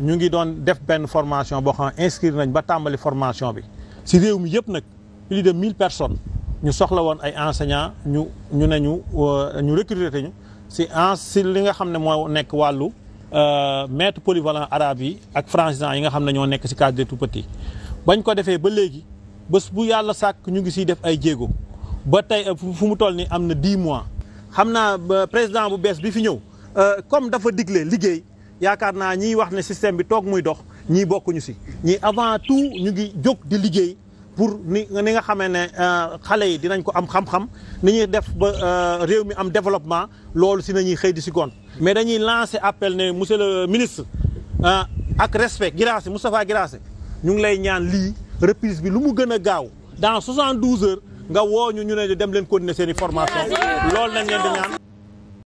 ñu ngi doon def benn formation boo xam ne inscrire nañ ba tàmbali formation bi si réew mi yëpp nag plus de mille personnes ñu soxla woon ay enseignants ñu ñu ne ñu euh, ñu recruter ñu si en si li nga xam ne moo nekk wàllu euh, maître polyvalent arabe yi ak francisants yi nga xam ne ñoo nekk si cadre des bañ ko defee ba léegi bés bu yàlla sàkk ñu ngi siy def ay jéego ba tey euh, fu mu toll ni am na dix mois xam naa président bu bees bi fi ñëw comme dafa digle liggéey. yaakaar naa ñiy wax ne système bi toog muy dox ñii bokkuñu si ñii avant tout ñu ngi jóg di liggéey pour ni ni nga xamee ne euh, xale yi dinañ ko am xam-xam ni ñuy def ba euh, réew mi am développement loolu si nañuy xëy di si gont mais dañuy lancer appel ne monsieur le ministre euh, ak respect Guirassy Moustapha Guirassy ñu ngi lay ñaan lii reprise bi lu mu gën a gaaw dans 72 heures nga woo ñu ñu ne dem leen continuer seen i formation loolu nañ leen di ñaan